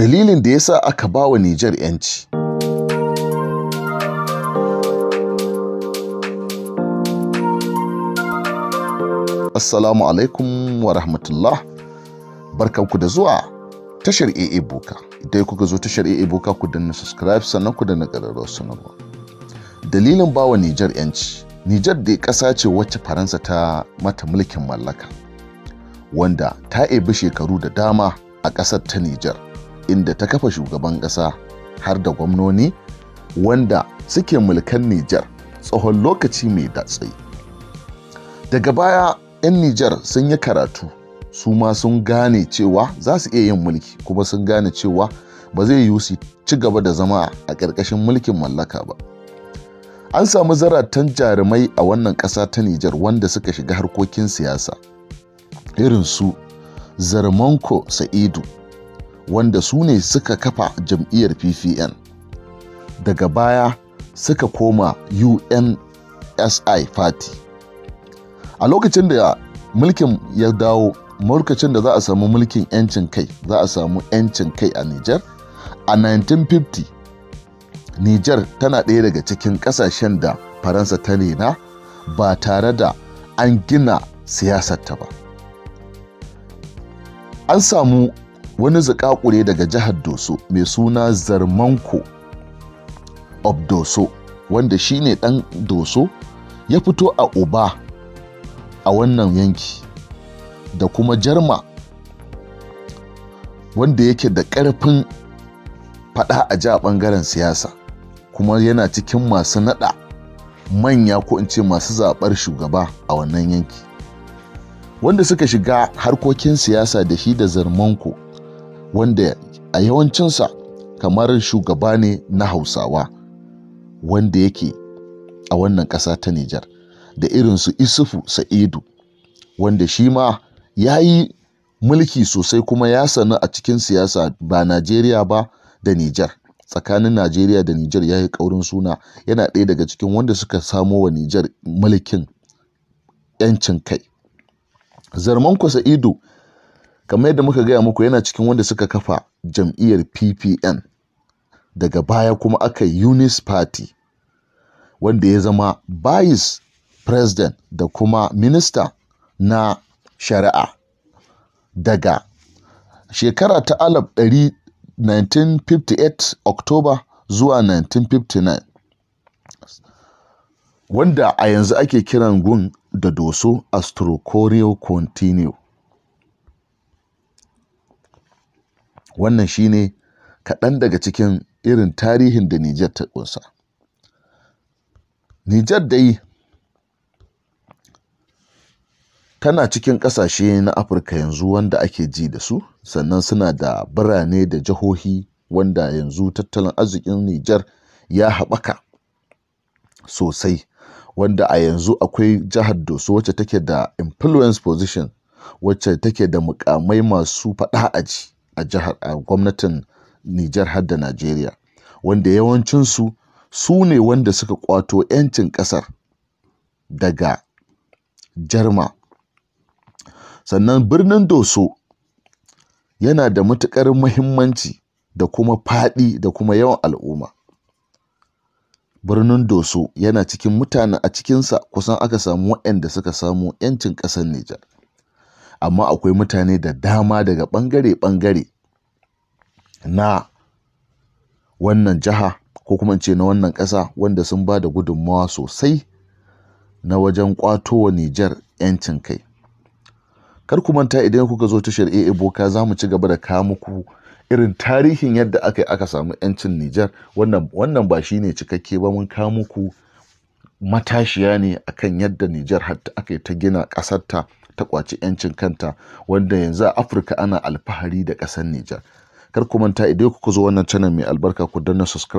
dalilin da yasa aka ba wa Nijar 'yanci. Assalamu alaikum wa rahmatullah, barkanku da zuwa tashar AA Boka. Idan kuka zo tashar AA Boka ku danna subscribe sannan ku danna ƙararrawar sanarwa. Dalilin ba wa Nijar 'yanci. Nijar da ƙasa ce wacce Faransa ta mata mulkin mallaka, wanda ta ebi shekaru da dama a ƙasar ta Nijar. inda ta kafa shugaban ƙasa har da gwamnoni wanda suke mulkan Nijar tsohon lokaci mai datsai. Daga baya 'yan Nijar sun yi karatu su ma sun gane cewa za su iya yin mulki kuma sun gane cewa ba zai yiwu su ci gaba da zama a ƙarƙashin mulkin mallaka ba. An samu zaratan jarumai a wannan ƙasa ta Nijar wanda suka shiga harkokin siyasa irin su Zarmanko Sa'idu wanda su ne suka kafa jam'iyyar ppn daga baya suka koma unsi party a lokacin da mulkin ya dawo lokacin da za a samu mulkin 'yancin kai za a samu 'yancin kai a niger a 1950 niger tana ɗaya daga cikin ƙasashen da faransa ta nena ba tare da an gina siyasarta ba an samu wani zikakure daga jihar doso mai suna zarmanko of doso wanda shine dan doso ya fito a uba a wannan yanki da kuma jarma wanda yake da ƙarfin faɗa a a ɓangaren siyasa kuma yana cikin masu naɗa manya ko in ce masu zaɓar shugaba a wannan yanki wanda suka shiga harkokin siyasa da shi da zarmanko wanda a yawancinsa kamar shugaba ne na hausawa wanda yake a wannan ƙasa ta Nijar da irinsu Isufu Sa'idu wanda shi ma ya yi mulki sosai kuma ya sanu a cikin siyasa ba Najeriya ba da Nijar tsakanin Najeriya da Nijar ya yi ƙaurin suna yana ɗaya daga cikin wanda suka samo wa Nijar mulkin 'yancin kai. Zarmanku Sa'idu kamar yadda muka gaya muku yana cikin wanda suka kafa jam'iyyar ppn daga baya kuma aka unis party wanda ya zama vice president da kuma minista na shari'a daga shekara ta alaf 1958 october zuwa 1959 wanda a yanzu ake kiran gun da doso astrocorio continue wannan shi ne kaɗan daga cikin irin tarihin da Nijar ta ƙunsa. Nijar dai tana cikin ƙasashe na Afirka yanzu wanda ake ji da su sannan suna da birane da jihohi wanda yanzu tattalin arzikin Nijar ya haɓaka sosai wanda a yanzu akwai jihar Doso wacce take da influence position wacce take da mukamai masu faɗa aji a jihar a gwamnatin Nijar har da Najeriya wanda yawancinsu su ne wanda suka kwato 'yancin kasar daga Jarma sannan birnin Doso yana da matukar muhimmanci da kuma faɗi da kuma yawan al'umma birnin Doso yana cikin mutane a cikinsa kusan aka samu waɗanda suka samu 'yancin ƙasar Nijar amma akwai mutane da dama daga ɓangare-ɓangare na wannan jiha ko kuma ce na wannan ƙasa wanda sun ba da gudunmawa sosai na wajen ƙwato wa Nijar 'yancin kai. Kar ku manta idan kuka zo tashar AA Boka za mu ci gaba da kawo muku irin tarihin yadda aka yi aka samu 'yancin Nijar wannan ba shi ne cikakke ba mun kawo muku matashiya ne akan yadda Nijar har aka ta gina ƙasarta ta kwaci 'yancin kanta wanda yanzu a afirka ana alfahari da ƙasar nijar kar ku manta idan kuka zo wannan channel mai albarka ku danna subscribe